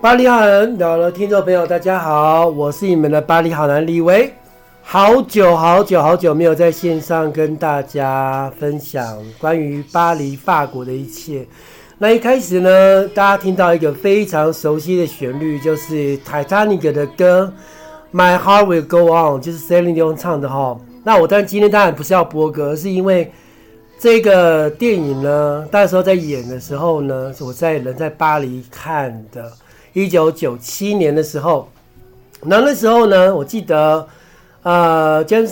巴黎好男，好了，聽眾朋友，大家好，我是你們的巴黎好男里維。好久好久好久沒有在線上跟大家分享關於巴黎、法國的一切。那一開始呢，大家聽到一個非常熟悉的旋律，就是《Titanic》的歌，《My Heart Will Go On》，就是 Celine Dion 唱的哈、哦。那我當然今天當然不是要播歌，而是因為這個電影呢，那時候在演的時候呢，我在人在巴黎看的。一九九七年的時候，然後那時候呢，我記得，呃，James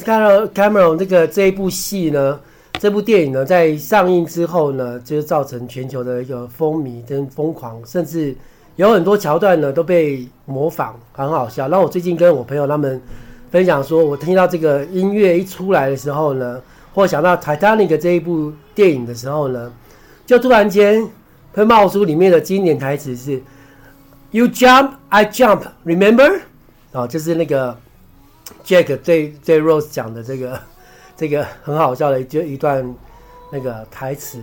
Cameron 這個這一部戲呢，這部電影呢，在上映之後呢，就造成全球的一個風靡跟瘋狂，甚至有很多橋段呢都被模仿，很好笑。那我最近跟我朋友他們分享說，我聽到這個音樂一出來的時候呢，或想到 Titanic 這一部電影的時候呢，就突然間會冒出裡面的經典台詞是。You jump, I jump. Remember？啊、哦，就是那個 Jack 對對 Rose 講的這個這個很好笑的一一段那個台詞。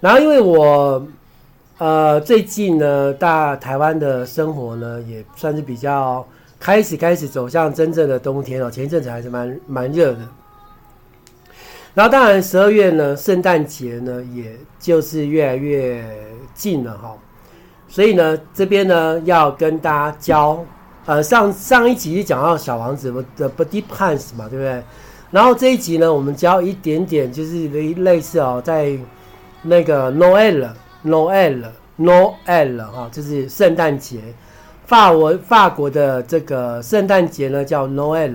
然後，因為我呃最近呢，大台灣的生活呢，也算是比較開始開始走向真正的冬天了。前一陣子還是蠻蠻熱的。然後，當然十二月呢，聖誕節呢，也就是越來越近了哈。哦所以呢，這邊呢要跟大家教，呃，上上一集講到小王子不的不 Petit Prince 嘛，對不對？然後這一集呢，我們教一點點，就是類類似哦，在那個 Noel Noel Noel 哈、啊，就是聖誕節，法文法國的這個聖誕節呢叫 Noel，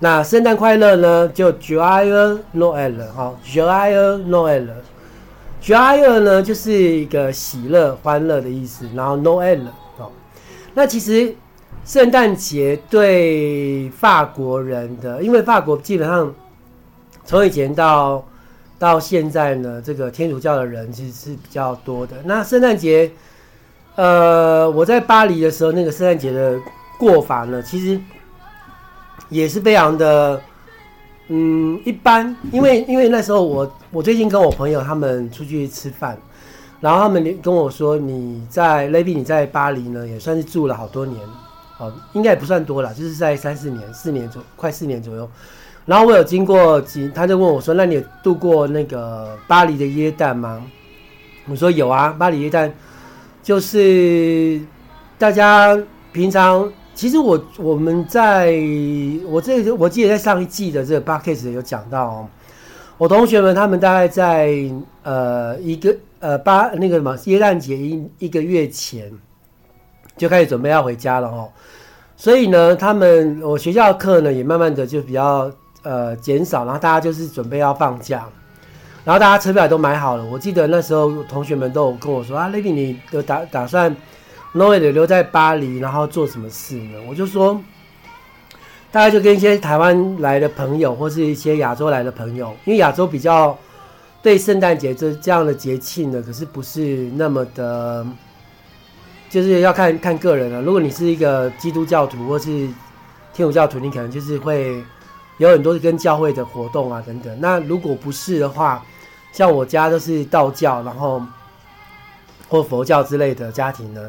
那聖誕快樂呢就 Joyeux Noel 啊 Joyeux Noel。Joy 呢，就是一個喜樂、歡樂的意思。然後 Noël 哦，那其實聖誕節對法國人的，因為法國基本上從以前到到現在呢，這個天主教的人其實是比較多的。那聖誕節，呃，我在巴黎的時候，那個聖誕節的過法呢，其實也是非常的。嗯，一般，因為因為那時候我我最近跟我朋友他們出去吃飯，然後他們跟我說，你在里維你在巴黎呢，也算是住了好多年，哦，應該也不算多了，就是在三四年，四年左快四年左右。然後我有經過幾，他就問我說，那你有度過那個巴黎的耶誕嗎？我說有啊，巴黎耶誕就是大家平常。其實我我們在我這個、我記得在上一季的這個 podcast 有講到、哦，我同學們他們大概在呃一個呃八那個什麼耶誕節一一個月前就開始準備要回家了哦，所以呢，他們我學校的課呢也慢慢的就比較呃減少，然後大家就是準備要放假，然後大家車票也都買好了。我記得那時候同學們都有跟我說啊，Levi，你有打打算？諾偉留在巴黎，然後做什麼事呢？我就說，大家就跟一些台灣來的朋友，或是一些亞洲來的朋友，因為亞洲比較對聖誕節這這樣的節慶呢，可是不是那麼的，就是要看看個人了。如果你是一個基督教徒，或是天主教徒，你可能就是會有很多跟教會的活動啊等等。那如果不是的話，像我家都是道教，然後或佛教之類的家庭呢？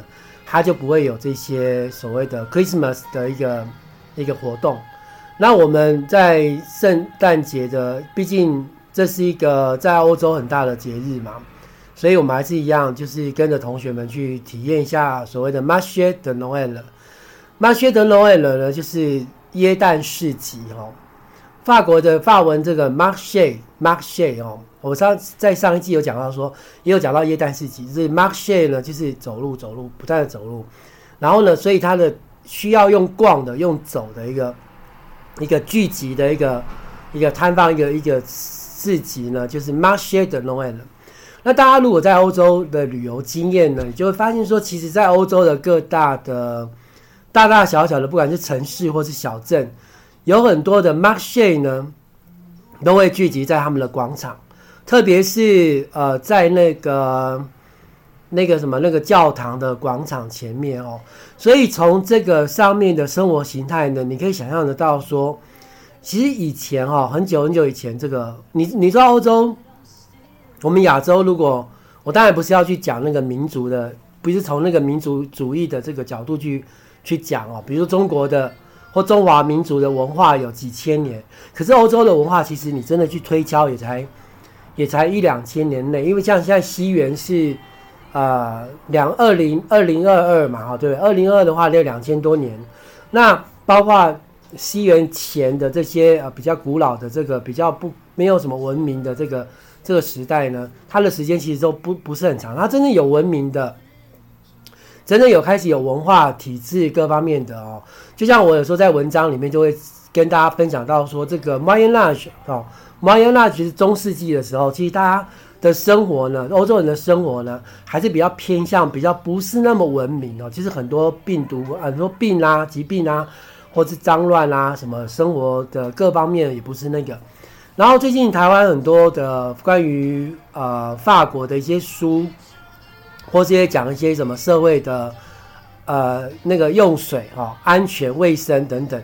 它就不會有這些所謂的 Christmas 的一個一個活動。那我們在聖誕節的，畢竟這是一個在歐洲很大的節日嘛，所以我們還是一樣，就是跟着同學們去體驗一下所謂的 Marché de Noël。Marché de Noël 呢，就是耶誕市集哦。法國的法文，這個 Marché，Marché 哦，我上在上一季有講到說，也有講到耶誕市集，就是 Marché 呢，就是走路走路，不斷的走路，然後呢，所以它的需要用逛的、用走的一個一個聚集的一個一個攤販、一個探訪一個一個市集呢，就是 Marché de Noël。那大家如果在歐洲的旅遊經驗呢，你就會發現說，其實，在歐洲的各大的大大小小的，不管是城市或是小鎮。有很多的 marché 呢，都會聚集在他們的廣場，特別是呃，在那個那個什麼那個教堂的廣場前面哦。所以從這個上面的生活形態呢，你可以想象得到說，其實以前哦，很久很久以前，這個你你知道，歐洲，我們亞洲，如果我當然不是要去講那個民族的，不是從那個民族主義的這個角度去去講哦，比如說中國的。中華民族的文化有幾千年，可是歐洲的文化其實你真的去推敲也才也才一兩千年內，因為像現在西元是，呃兩二零二零二二嘛哈，對二零二二的話就兩千多年，那包括西元前的這些呃比較古老的這個比較不沒有什麼文明的這個這個時代呢，它的時間其實都不不是很長，它真正有文明的，真正有開始有文化體制各方面的哦，就像我有時候在文章裡面就會跟大家分享到說，這個 Moyen Âge 啊，Moyen Âge 其實中世紀的時候，其實大家的生活呢，歐洲人的生活呢，還是比較偏向比較不是那麼文明哦。其實很多病毒很多病啦、疾病啦，或是髒亂啊，什麼生活的各方面也不是那個。然後最近台灣很多的關於呃法國的一些書。或是也講一些什麼社會的，呃，那個用水啊、哦，安全衛生等等。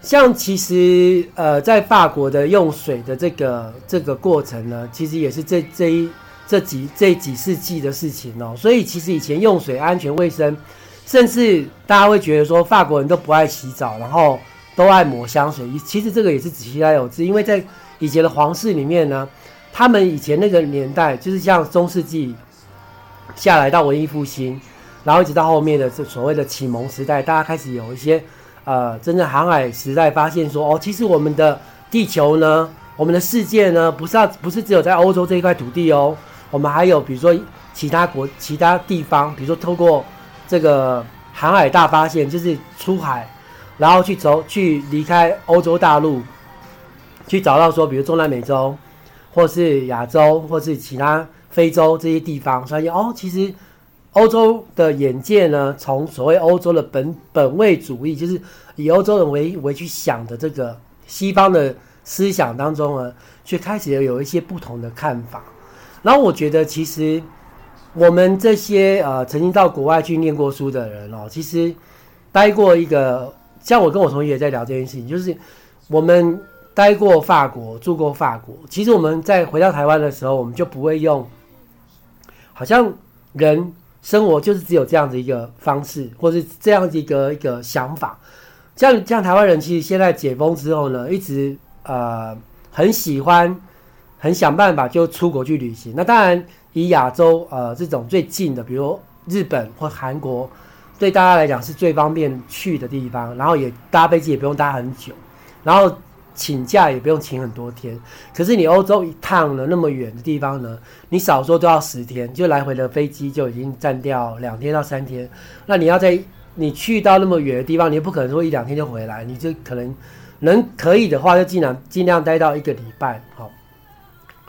像其實呃，在法國的用水的這個這個過程呢，其實也是這這一這幾這幾世紀的事情哦。所以其實以前用水安全衛生，甚至大家會覺得說法國人都不愛洗澡，然後都愛抹香水。其實這個也是其來有自，因為在以前的皇室裡面呢，他們以前那個年代就是像中世紀。下來到文藝復興，然後一直到後面的這所謂的啟蒙時代，大家開始有一些，呃，真正航海時代發現說，哦，其實我們的地球呢，我們的世界呢，不是要不是只有在歐洲這一塊土地哦，我們還有比如說其他國、其他地方，比如說透過這個航海大發現，就是出海，然後去走去離開歐洲大陸，去找到說，比如中南美洲，或是亞洲，或是其他。非洲這些地方，所以哦，其實歐洲的眼界呢，從所謂歐洲的本本位主義，就是以歐洲人為為去想的這個西方的思想當中呢，卻開始有一些不同的看法。然後我覺得，其實我們這些呃曾經到國外去念過書的人哦，其實待過一個，像我跟我同學在聊這件事情，就是我們待過法國，住過法國，其實我們在回到台灣的時候，我們就不會用。好像人生活就是只有這樣的一個方式，或是這樣的一個一個想法。像，像台灣人其實現在解封之後呢，一直呃很喜歡，很想辦法就出國去旅行。那當然以亞洲呃這種最近的，比如日本或韓國，對大家來講是最方便去的地方，然後也搭飛機也不用搭很久，然後。請假也不用請很多天，可是你歐洲一趟呢，那麼遠的地方呢，你少說都要十天，就來回的飛機就已經佔掉兩天到三天。那你要在你去到那麼遠的地方，你不可能說一兩天就回來，你就可能能可以的話就盡量盡量待到一個禮拜。好、哦，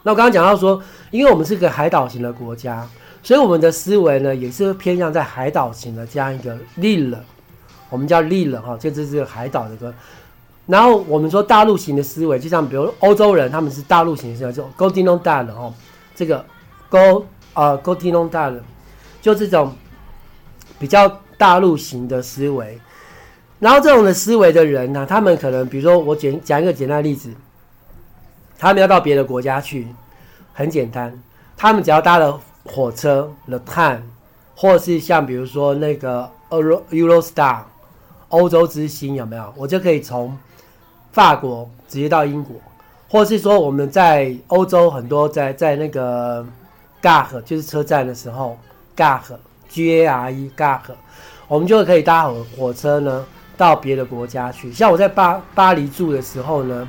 那我剛剛講到說，因為我們是個海島型的國家，所以我們的思維呢也是偏向在海島型的這樣一個利了，我們叫利了哈，就，就是這是海島的個。然後我們說大陸型的思維，就像比如歐洲人，他們是大陸型式的，就 Go to London 哦，這個 Go 啊 Go to London 就這種比較大陸型的思維。然後這種的思維的人呢、啊，他們可能，比如說我簡講一個簡單的例子，他們要到別的國家去，很簡單，他們只要搭了火車 The Train 或者是像比如說那個 Euro Eurostar 歐洲之星有沒有？我就可以從。法國直接到英國，或者是說我們在歐洲很多在在那個 Gare 就是車站的時候 Gare G A R E Gare 我們就可以搭火火車呢到別的國家去。像我在巴巴黎住的時候呢，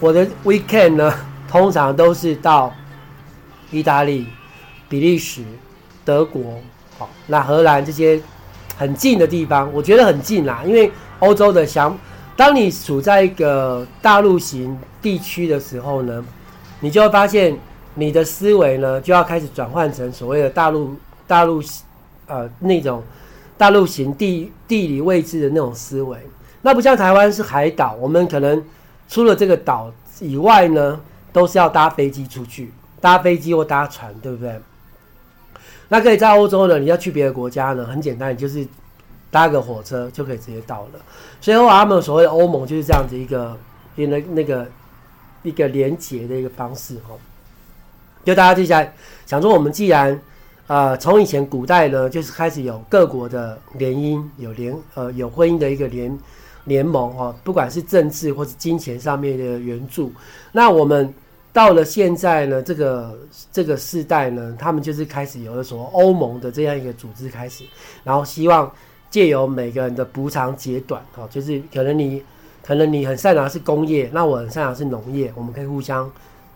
我的 Weekend 呢通常都是到意大利、比利時、德國、那荷蘭這些很近的地方，我覺得很近啦，因為歐洲的想。當你處在一個大陸型地區的時候呢，你就會發現你的思維呢就要開始轉換成所謂的大陸大陸，呃那種大陸型地地理位置的那種思維。那不像台灣是海島，我們可能除了這個島以外呢，都是要搭飛機出去，搭飛機或搭船，對不對？那可以在歐洲呢，你要去別的國家呢，很簡單，就是。搭個火車就可以直接到了，所以他們所謂的歐盟就是這樣子一個，連那那個一個連結的一個方式哈。就大家接下來，想說，我們既然啊從、呃、以前古代呢，就是開始有各國的聯姻，有聯呃有婚姻的一個聯聯盟哈、啊，不管是政治或是金錢上面的援助，那我們到了現在呢，這個這個世代呢，他們就是開始有了所謂歐盟的這樣一個組織開始，然後希望。借由每個人的補長截短，哦。就是可能你可能你很擅長是工業，那我很擅長是農業，我們可以互相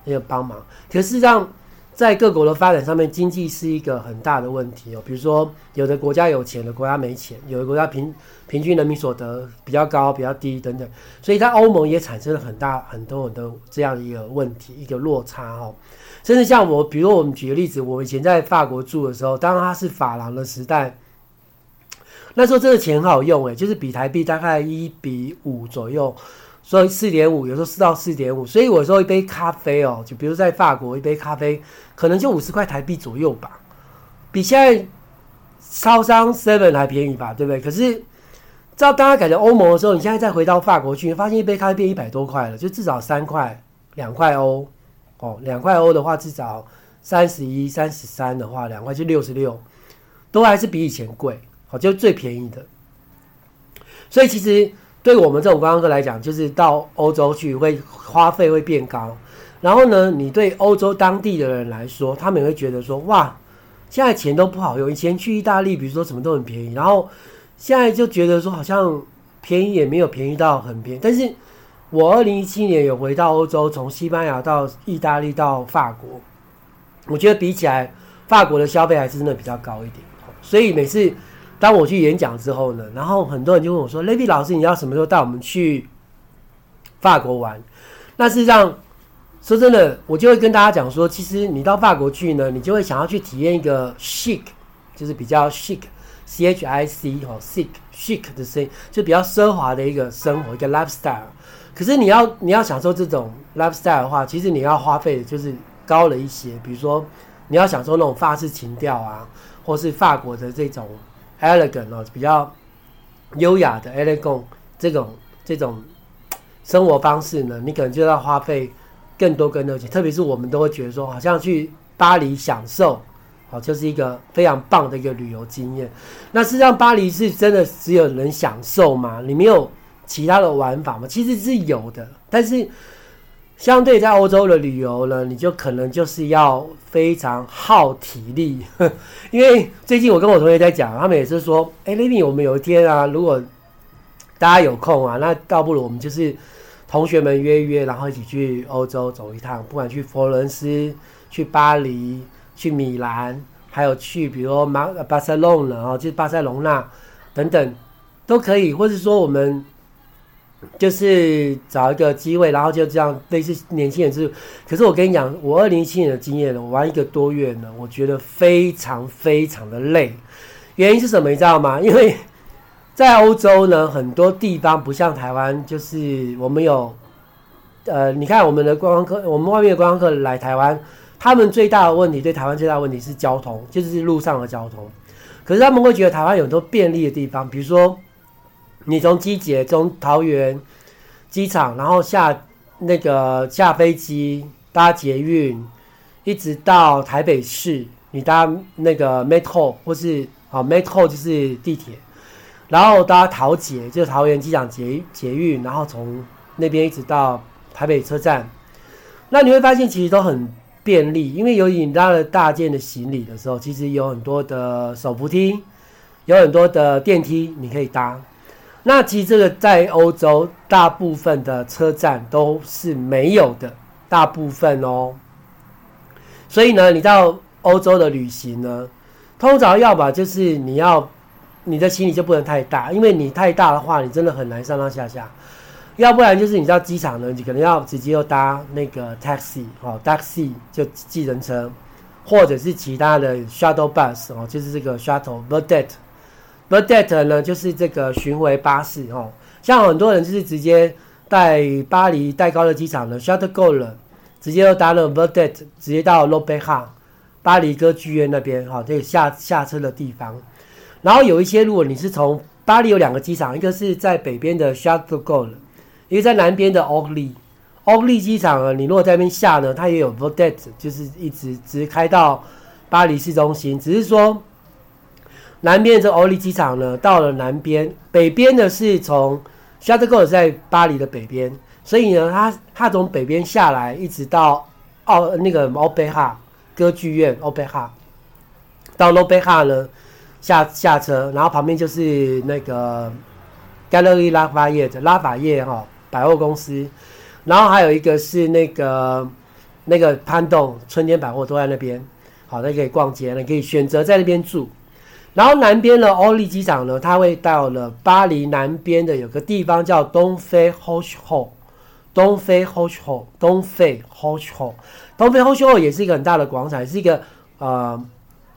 那個幫忙。可事實上在各國的發展上面，經濟是一個很大的問題哦。比如說，有的國家有錢，的國家沒錢，有的國家平平均人民所得比較高，比較低等等。所以在歐盟也產生了很大很多很多這樣的一個問題，一個落差，哦。甚至像我，比如我們舉個例子，我以前在法國住的時候，當然它是法郎的時代。那時候這個錢很好用哎、欸，就是比台幣大概一比五左右，所以四點五有時候四到四點五，所以我說一杯咖啡哦、喔，就比如說在法國一杯咖啡可能就五十塊台幣左右吧，比現在超商 seven 還便宜吧，對不對？可是，照大家改成歐盟的時候，你現在再回到法國去，你發現一杯咖啡變一百多塊了，就至少三塊兩塊歐哦，兩塊歐的話至少三十一三十三的話兩塊就六十六，都還是比以前貴。好，就最便宜的。所以其實對我們這種觀光客來講，就是到歐洲去會花費會變高。然後呢，你對歐洲當地的人來說，他們也會覺得說：哇，現在錢都不好用。以前去意大利，比如說什麼都很便宜，然後現在就覺得說好像便宜也沒有便宜到很便宜。但是我二零一七年有回到歐洲，從西班牙到意大利到法國，我覺得比起來，法國的消費還是真的比較高一點。所以每次。當我去演講之後呢，然後很多人就問我說：“里維老師，你要什麼時候帶我們去法國玩？”那事實上，說真的，我就會跟大家講說，其實你到法國去呢，你就會想要去體驗一個 “chic”，就是比較 “chic”，C H I C 哦，“chic chic” 的聲音，就比較奢華的一個生活一個 lifestyle。可是你要你要享受這種 lifestyle 的話，其實你要花費的就是高了一些。比如說，你要享受那種法式情調啊，或是法國的這種。Elegant 啊，比較優雅的 Elegant 這種這種生活方式呢，你可能就要花費更多更多的錢。特別是我們都會覺得說，好像去巴黎享受，哦，就是一個非常棒的一個旅遊經驗。那實際上巴黎是真的只有人享受嗎？你沒有其他的玩法嗎？其實是有的，但是。相對在歐洲的旅遊呢，你就可能就是要非常耗體力， 因為最近我跟我同學在講，他們也是說，哎、欸，麗麗，我們有一天啊，如果大家有空啊，那倒不如我們就是同學們約一約，然後一起去歐洲走一趟，不管去佛倫斯、去巴黎、去米蘭，還有去比如馬巴塞隆呢，哦，就是巴塞隆納等等，都可以，或是說我們。就是找一個機會，然後就這樣，類似年輕人是。可是我跟你講，我二零一七年的經驗呢，我玩一個多月呢，我覺得非常非常的累。原因是什麼你知道嗎？因為在歐洲呢，很多地方不像台灣，就是我們有，呃，你看我們的觀光客，我們外面的觀光客來台灣，他們最大的問題，對台灣最大的問題是交通，就是路上的交通。可是他們會覺得台灣有很多便利的地方，比如說。你從機捷從桃園機場，然後下那個下飛機搭捷運，一直到台北市，你搭那個 Metro 或是啊 Metro 就是地鐵，然後搭桃捷，就是桃園機場捷捷運，然後從那邊一直到台北車站，那你會發現其實都很便利，因為由於你搭了大件的行李的時候，其實有很多的手扶梯，有很多的電梯你可以搭。那其實這個在歐洲大部分的車站都是沒有的，大部分哦。所以呢，你到歐洲的旅行呢，通常要麼，就是你要你的行李就不能太大，因為你太大的話，你真的很難上上下下。要不然就是你到機場呢，你可能要直接要搭那個 taxi 哦，taxi 就計程車，或者是其他的 shuttle bus 哦，就是這個 shuttle e d deck Verdette 呢，就是這個巡迴巴士哦。像很多人就是直接在巴黎戴高樂機場的 Charles de Gaulle 了，l 直接搭了 Verdette 直接到 Louvre 哈巴黎歌劇院那邊哈，這個下下車的地方。然後有一些，如果你是從巴黎有兩個機場，一個是在北邊的 Charles de Gaulle 了，l 一個在南邊的 Orly，Orly 機場呢，你如果在那邊下呢，它也有 Verdette 就是一直直開到巴黎市中心，只是說。南邊這個歐利機場呢，到了南邊，北邊呢是從夏特格在巴黎的北邊，所以呢，他他從北邊下來，一直到奧那個奧貝哈歌劇院奧貝哈，到歐貝哈呢下下車，然後旁邊就是那個蓋勒利拉法葉的拉法葉哈百貨公司，然後還有一個是那個那個潘洞春天百貨都在那邊，好，你可以逛街，你可以選擇在那邊住。然後南邊的奧利機場呢，他會到了巴黎南邊的有個地方叫 Denfert-Rochereau Denfert-Rochereau Denfert-Rochereau Denfert-Rochereau 也是一個很大的廣場，是一個呃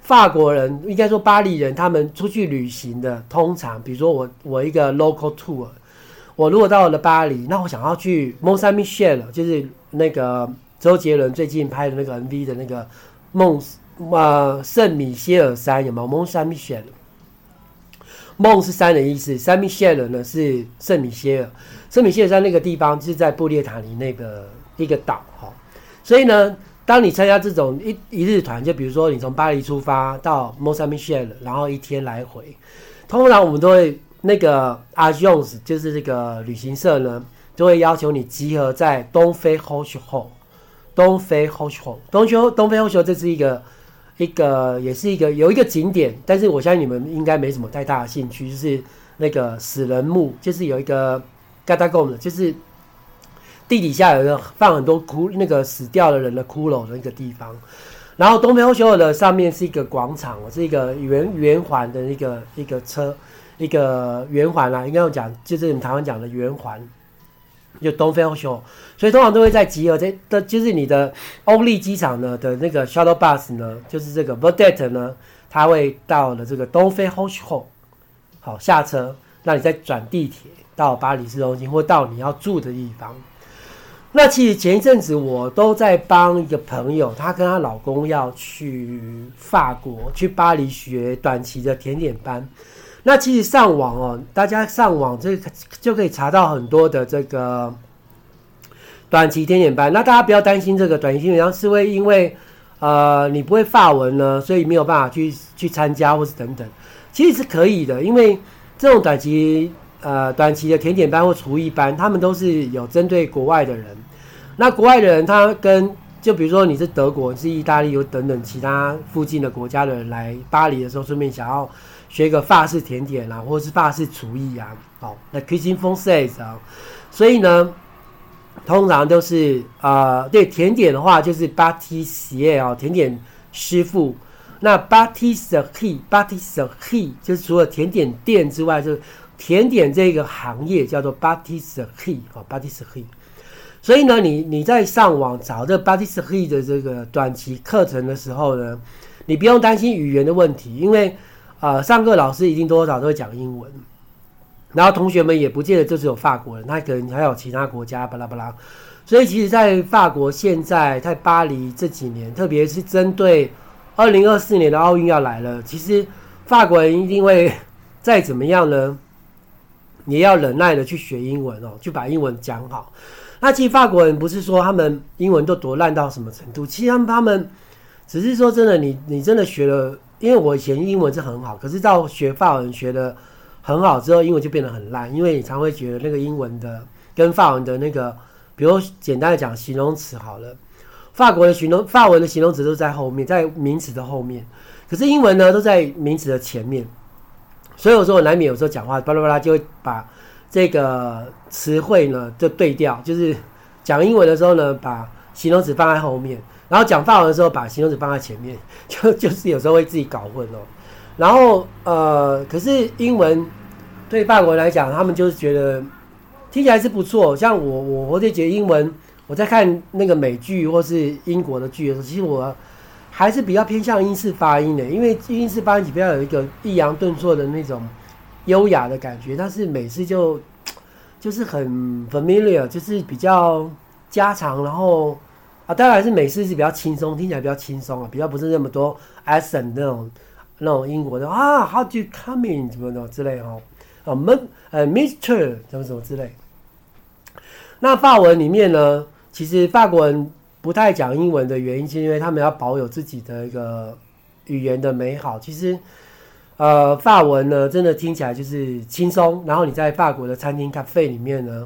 法國人，應該說巴黎人，他們出去旅行的，通常比如說我我一個 local tour，我如果到了巴黎，那我想要去 Mont Saint Michel，就是那個周杰倫最近拍的那個 MV 的那個夢。啊、呃，聖米歇爾山有沒有？蒙山米歇爾，蒙是山的意思，聖米歇爾呢，是聖米歇爾。聖米歇爾山那個地方，就是在布列塔尼那個一個島，齁，所以呢，當你參加這種一一日團，就比如說你從巴黎出發到蒙山米歇爾，然後一天來回，通常我們都會那個阿 j o n s 就是這個旅行社呢，都會要求你集合在東非 h o c h o 東非 h o c h o 東休東非 h o c h o 這是一個。一個也是一個有一個景點，但是我相信你們應該沒什麼太大的興趣，就是那個死人墓，就是有一個嘎 h a 的，就是地底下有一個放很多骷那個死掉的人的骷髏的一個地方。然後東梅後修有的上面是一個廣場，是一個圓圓環的一個一個車一個圓環啊，應該有講就是我們台灣講的圓環。就 Denfert-Rochereau，所以通常都會在集合這。這的就是你的歐利機場呢的那個 shuttle bus 呢，就是這個 Verdett 呢，它會到了這個 Denfert-Rochereau，好，下車，那你再轉地鐵到巴黎市中心或到你要住的地方。那其實前一陣子我都在幫一個朋友，她跟她老公要去法國，去巴黎學短期的甜點班。那其實上網哦，大家上網這就，就可以查到很多的這個短期甜點班。那大家不要擔心，這個短期甜點班是會因為呃你不會法文呢，所以沒有辦法去去參加或是等等，其實是可以的。因為這種短期呃短期的甜點班或廚藝班，他們都是有針對國外的人。那國外的人，他跟就比如說你是德國、是意大利，有等等其他附近的國家的人來巴黎的時候，順便想要。學個法式甜點啦、啊，或者是法式廚藝啊，好，那 cuisine française 啊，所以呢，通常都是啊、呃，對甜點的話就是 pâtissier、哦、啊，甜點師傅，那 pâtisserie pâtisserie 就是除了甜點店之外，就是甜點這個行業叫做 pâtisserie 啊、哦、pâtisserie，所以呢，你你在上網找這 pâtisserie 的這個短期課程的時候呢，你不用擔心語言的問題，因為。呃，上課老師一定多少都會講英文，然後同學們也不見得就只有法國人，他可能還有其他國家巴拉巴拉。所以其實，在法國現在在巴黎這幾年，特別是針對二零二四年的奧運要來了，其實法國人一定會再怎麼樣呢，也要忍耐的去學英文哦，去把英文講好。那其實法國人不是說他們英文都多爛到什麼程度，其實他們只是說真的，你你真的學了。因為我以前英文是很好，可是到學法文學得很好之後，英文就變得很爛，因為你常會覺得那個英文的跟法文的那個，比如簡單的講形容詞好了，法國的形容、法文的形容詞都在後面，在名詞的後面，可是英文呢都在名詞的前面，所以我說我難免有時候講話巴拉巴拉就會把這個詞彙呢就對調，就是講英文的時候呢把形容詞放在後面。然後講法文的時候，把形容詞放在前面，就就是有時候會自己搞混哦。然後呃，可是英文對法文來講，他們就是覺得聽起來是不錯。像我我我就覺得英文，我在看那個美劇或是英國的劇的時候，其實我還是比較偏向英式發音的，因為英式發音比較有一個抑揚頓挫的那種優雅的感覺。但是美式就就是很 familiar，就是比較家常，然後。啊，當然是美式是比較輕鬆，聽起來比較輕鬆啊，比較不是那麼多 accent 那種那種英國的啊，how do you come in 怎麼的之類哦，啊、uh, m 呃，mister 怎麼怎麼之類。那法文裡面呢，其實法國人不太講英文的原因，是因為他們要保有自己的一個語言的美好。其實，呃，法文呢，真的聽起來就是輕鬆。然後你在法國的餐廳咖啡裡面呢。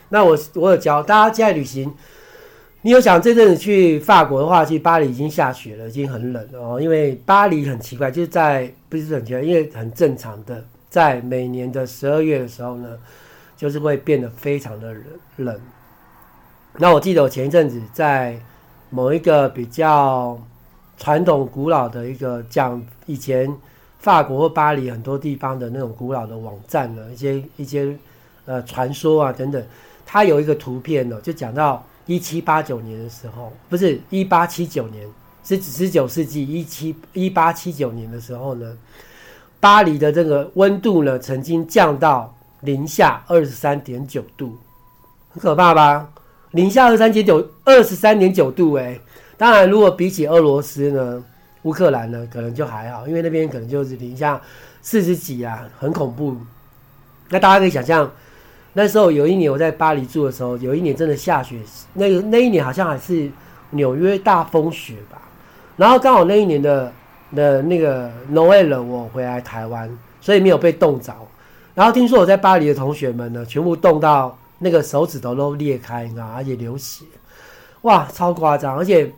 那我我有教大家在旅行，你有想這陣子去法國的話，其實巴黎已經下雪了，已經很冷了哦。因為巴黎很奇怪，就是在不是很奇怪，因為很正常的，在每年的十二月的時候呢，就是會變得非常的冷。那我記得我前一陣子在某一個比較傳統古老的一個講以前法國或巴黎很多地方的那種古老的網站呢，一些一些呃傳說啊等等。他有一個圖片呢，就講到一七八九年的時候，不是一八七九年，是十九世紀一七一八七九年的時候呢，巴黎的這個溫度呢，曾經降到零下二十三點九度，很可怕吧？零下二十三點九，二十三點九度哎、欸！當然，如果比起俄羅斯呢，烏克蘭呢，可能就還好，因為那邊可能就是零下四十幾啊，很恐怖。那大家可以想象。那時候有一年我在巴黎住的時候，有一年真的下雪，那個那一年好像還是紐約大風雪吧。然後剛好那一年的的那個 Noel 我回來台灣，所以沒有被凍着。然後聽說我在巴黎的同學們呢，全部凍到那個手指頭都裂開啊，而且流血，哇，超誇張！而且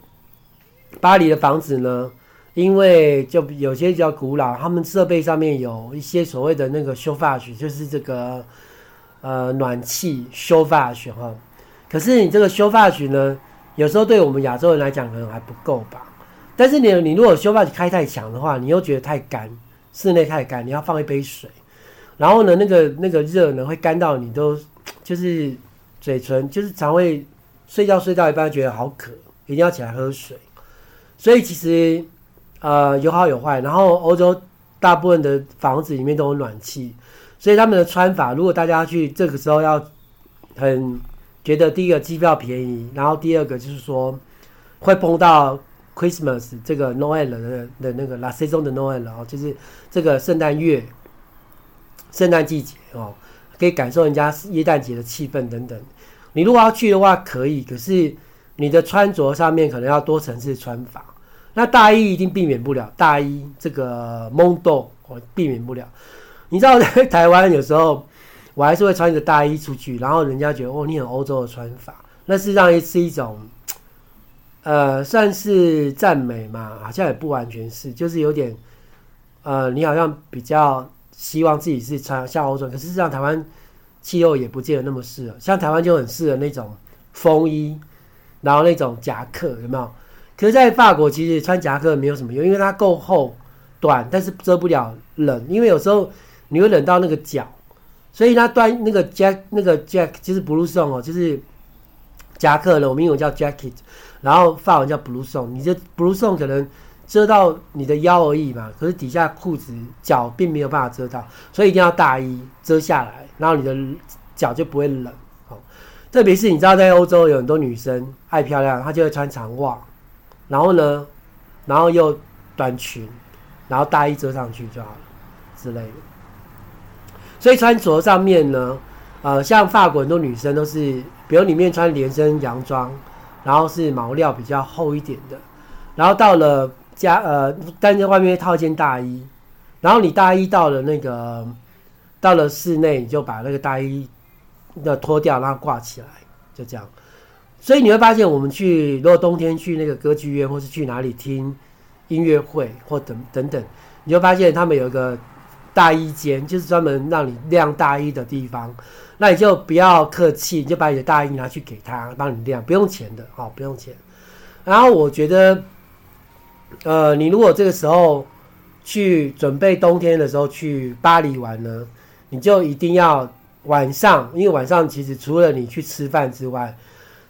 巴黎的房子呢，因為就有些比較古老，他們設備上面有一些所謂的那個 chauffage，就是這個。呃，暖氣修發區哈，可是你這個修發區呢，有時候對我們亞洲人來講可能還不夠吧。但是你你如果修發區開太強的話，你又覺得太乾，室內太乾，你要放一杯水。然後呢，那個那個熱呢會乾到你都就是嘴唇，就是常會睡覺睡到一半覺得好渴，一定要起來喝水。所以其實呃有好有壞。然後歐洲大部分的房子裡面都有暖氣。所以他們的穿法，如果大家去這個時候要很，很覺得第一個機票便宜，然後第二個就是說會碰到 Christmas 這個 Noel 的的那個 La Saison de Noel 就是這個聖誕月、聖誕季節哦，可以感受人家耶誕節的氣氛等等。你如果要去的話可以，可是你的穿着上面可能要多層次穿法。那大衣一定避免不了，大衣這個 manteau 我避免不了。你知道在台灣有時候我還是會穿一個大衣出去，然後人家覺得哦，你很歐洲的穿法，那事實上是一種，呃，算是讚美嘛，好像也不完全是，就是有點，呃，你好像比較希望自己是穿像歐洲人，可是事實上台灣氣候也不見得那麼適合，像台灣就很適合那種風衣，然後那種夾克有沒有？可是在法國其實穿夾克沒有什麼用，因為它夠厚短，但是遮不了冷，因為有時候。你會冷到那個腳，所以他端那個 jack 那個 jack 就是 blouson 哦，就是夾克的，我們英文叫 jacket，然後發文叫 blouson，你這 blouson 可能遮到你的腰而已嘛，可是底下褲子腳並沒有辦法遮到，所以一定要大衣遮下來，然後你的腳就不會冷哦。特別是你知道在歐洲有很多女生愛漂亮，她就會穿長襪，然後呢，然後又短裙，然後大衣遮上去就好了之類的。所以穿着上面呢，呃，像法國很多女生都是，比如裡面穿連身洋裝，然後是毛料比較厚一點的，然後到了家，呃，單在外面套件大衣，然後你大衣到了那個，到了室內你就把那個大衣要脫掉，然後掛起來，就這樣。所以你會發現，我們去如果冬天去那個歌劇院，或是去哪裡聽音樂會或等等等，你會發現他們有一個。大衣間就是專門讓你晾大衣的地方，那你就不要客氣，你就把你的大衣拿去給他幫你晾，不用錢的哦，不用錢。然後我覺得，呃，你如果這個時候去準備冬天的時候去巴黎玩呢，你就一定要晚上，因為晚上其實除了你去吃飯之外，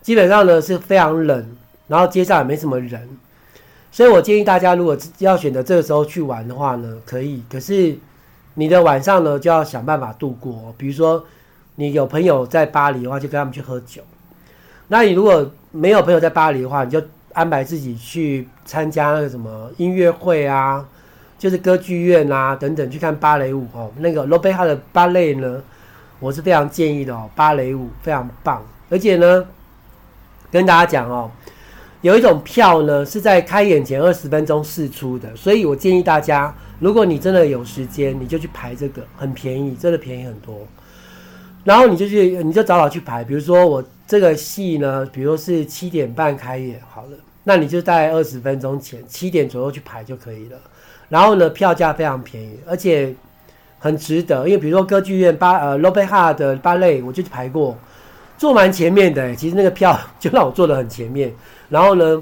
基本上呢是非常冷，然後街上也沒什麼人，所以我建議大家如果要選擇這個時候去玩的話呢，可以，可是。你的晚上呢就要想辦法度過哦，比如說，你有朋友在巴黎的話，就跟他們去喝酒；那你如果沒有朋友在巴黎的話，你就安排自己去參加那個什麼音樂會啊，就是歌劇院啊等等去看芭蕾舞哦。那個羅貝哈的芭蕾呢，我是非常建議的哦，芭蕾舞非常棒。而且呢，跟大家講哦，有一種票呢是在開演前二十分鐘釋出的，所以我建議大家。如果你真的有時間，你就去排這個，很便宜，真的便宜很多。然後你就去，你就早早去排。比如說我這個戲呢，比如說是七點半開演好了，那你就在二十分鐘前，七點左右去排就可以了。然後呢，票價非常便宜，而且很值得。因為比如說歌劇院巴呃羅貝哈的芭蕾，我就去排過，坐蠻前面的。其實那個票就讓我坐得很前面，然後呢，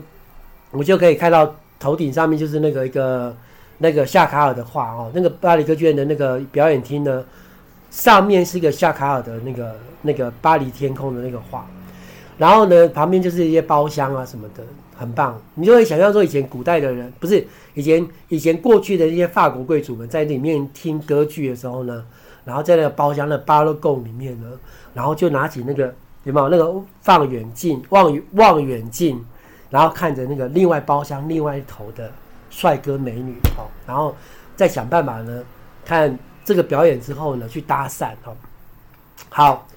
我就可以看到頭頂上面就是那個一個。那個夏卡爾的畫哦，那個巴黎歌劇院的那個表演廳呢，上面是一個夏卡爾的那個那個巴黎天空的那個畫，然後呢，旁邊就是一些包廂啊什麼的，很棒。你就會想象說，以前古代的人，不是，以前以前過去的那些法國貴族們在裡面聽歌劇的時候呢，然後在那個包廂的巴洛克裡面呢，然後就拿起那個，有沒有那個放遠鏡，望遠鏡，望望遠鏡，然後看着那個另外包廂另外一頭的帥哥美女，哦，然後再想辦法呢，看這個表演之後呢，去搭訕，哦。好，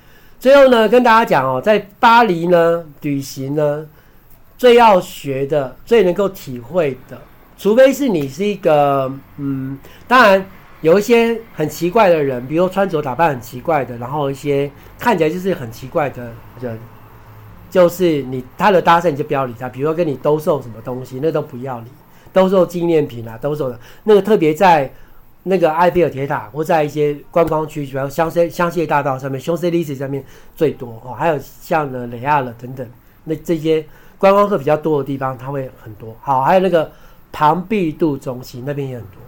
最後呢，跟大家講哦，在巴黎呢旅行呢，最要學的、最能夠體會的，除非是你是一個，嗯，當然有一些很奇怪的人，比如穿着打扮很奇怪的，然後一些看起來就是很奇怪的人，就是你他的搭訕你就不要理他，比如說跟你兜售什麼東西，那都不要理。都是有紀念品啊，都是有的，那個特別在那個埃菲爾鐵塔，或在一些觀光區，比方香榭香榭大道上面，香榭麗舍上面最多哦。還有像呢雷亞爾等等，那這些觀光客比較多的地方，它會很多。好，還有那個龐畢度中心那邊也很多。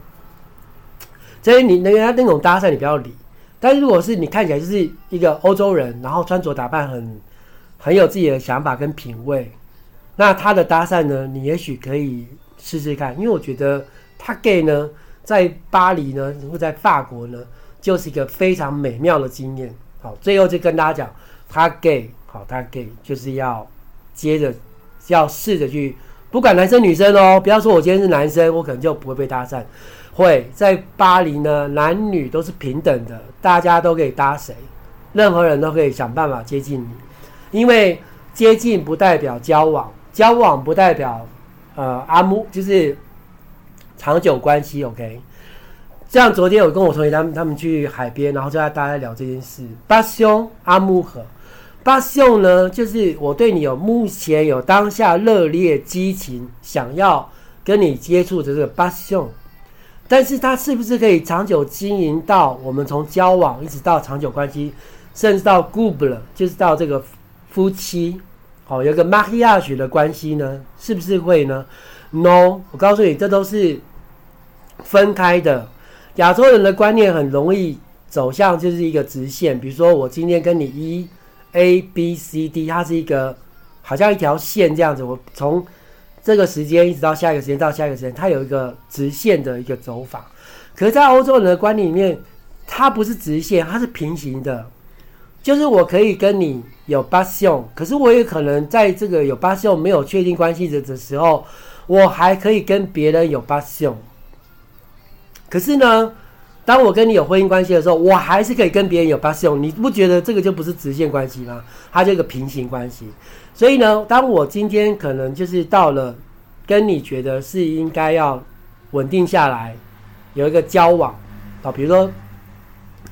所以你那人他那種搭訕你不要理，但如果是你看起來就是一個歐洲人，然後穿着打扮很很有自己的想法跟品味，那他的搭訕呢，你也許可以。試試看，因為我覺得他 gay 呢，在巴黎呢，或者在法國呢，就是一個非常美妙的經驗。好，最後就跟大家講，他 gay 好，他 gay 就是要接着要試着去，不管男生女生哦，不要說我今天是男生，我可能就不會被搭訕。會在巴黎呢，男女都是平等的，大家都可以搭誰，任何人都可以想辦法接近你，因為接近不代表交往，交往不代表。呃，amour 就是長久關係，OK。這樣，昨天有跟我同學他們，他們去海邊，然後就在大家在聊這件事。passionamour 和 passion 呢，就是我對你有目前有當下熱烈激情，想要跟你接觸的這個 passion。但是，他是不是可以長久經營到我們從交往一直到長久關係，甚至到 Good 了，就是到這個夫妻？好、哦，有個馬基亞學的關係呢，是不是會呢？No，我告訴你，這都是分開的。亞洲人的觀念很容易走向就是一個直線，比如說我今天跟你一 A B C D，它是一個好像一條線這樣子。我從這個時間一直到下一個時間到下一個時間，它有一個直線的一個走法。可是，在歐洲人的觀念裡面，它不是直線，它是平行的。就是我可以跟你有巴秀，可是我也可能在這個有巴秀沒有確定關係的的時候，我還可以跟別人有巴秀。可是呢，當我跟你有婚姻關係的時候，我還是可以跟別人有巴秀。你不覺得這個就不是直線關係嗎？它這個平行關係。所以呢，當我今天可能就是到了跟你覺得是應該要穩定下來，有一個交往啊，比如說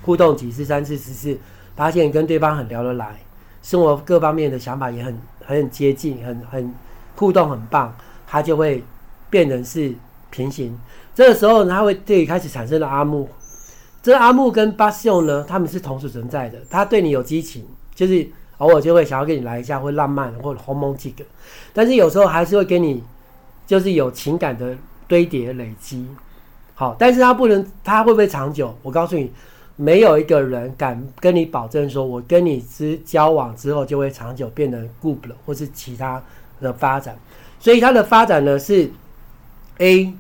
互動幾次、三次、四次。發現跟對方很聊得來，生活各方面的想法也很、很、接近，很、很互動，很棒，他就會變成是平行。這個時候他會對你開始產生了阿木，這個、阿木跟巴秀呢，他們是同時存在的。他對你有激情，就是偶爾就會想要跟你來一下，會浪漫或者荷爾蒙幾個，但是有時候還是會給你，就是有情感的堆疊累積。好，但是他不能，他會不會長久？我告訴你。沒有一個人敢跟你保證說，我跟你之交往之後就會長久變成 good 或是其他的發展。所以它的發展呢，是 A，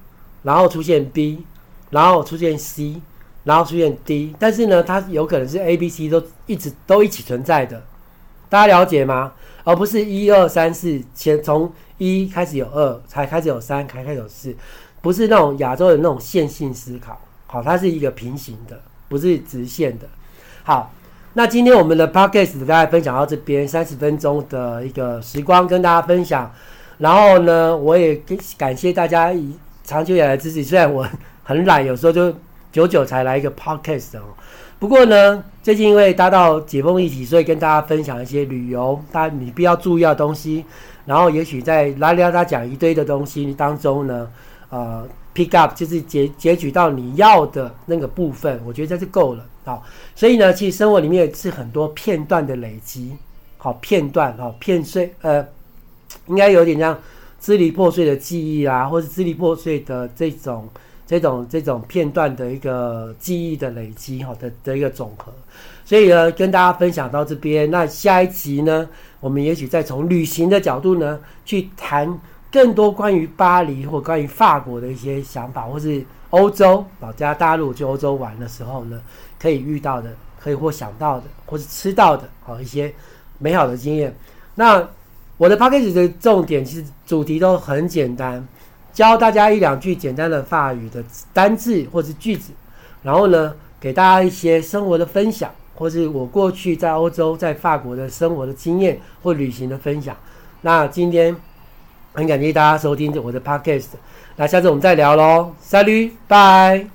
然後出現 B，然後出現 C，然後出現 D。但是呢，它有可能是 A、B、C 都一直都一起存在的。大家了解嗎？而不是一二三四，前從一開始有二，才開始有三，才開始有四，不是那種亞洲的那種線性思考。好，它是一個平行的。不是直線的。好，那今天我們的 podcast 大家分享到這邊，三十分鐘的一個時光跟大家分享。然後呢，我也感謝大家以長久以來的支持。雖然我很懶，有時候就久久才來一個 podcast 哦。不過呢，最近因為搭到解封一起，所以跟大家分享一些旅遊，但你必要注意的東西。然後也許在拉里拉拉講一堆的東西當中呢，呃。pick up 就是截截取到你要的那個部分，我覺得這就夠了，好，所以呢，其實生活裡面是很多片段的累積，好片段好、哦、片碎呃，應該有點像支離破碎的記憶啊，或是支離破碎的這種這種這種片段的一個記憶的累積，好的，的一個總和。所以呢，跟大家分享到這邊，那下一集呢，我們也許再從旅行的角度呢去談。更多關於巴黎或關於法國的一些想法，或是歐洲老家大陸去歐洲玩的時候呢，可以遇到的，可以或想到的，或是吃到的好、哦、一些美好的經驗。那我的 package 的重點其實主題都很簡單，教大家一兩句簡單的法語的單字或是句子，然後呢，給大家一些生活的分享，或是我過去在歐洲在法國的生活的經驗或旅行的分享。那今天。很感謝大家收聽我的 podcast，那下次我們再聊嘍，Salut，拜拜。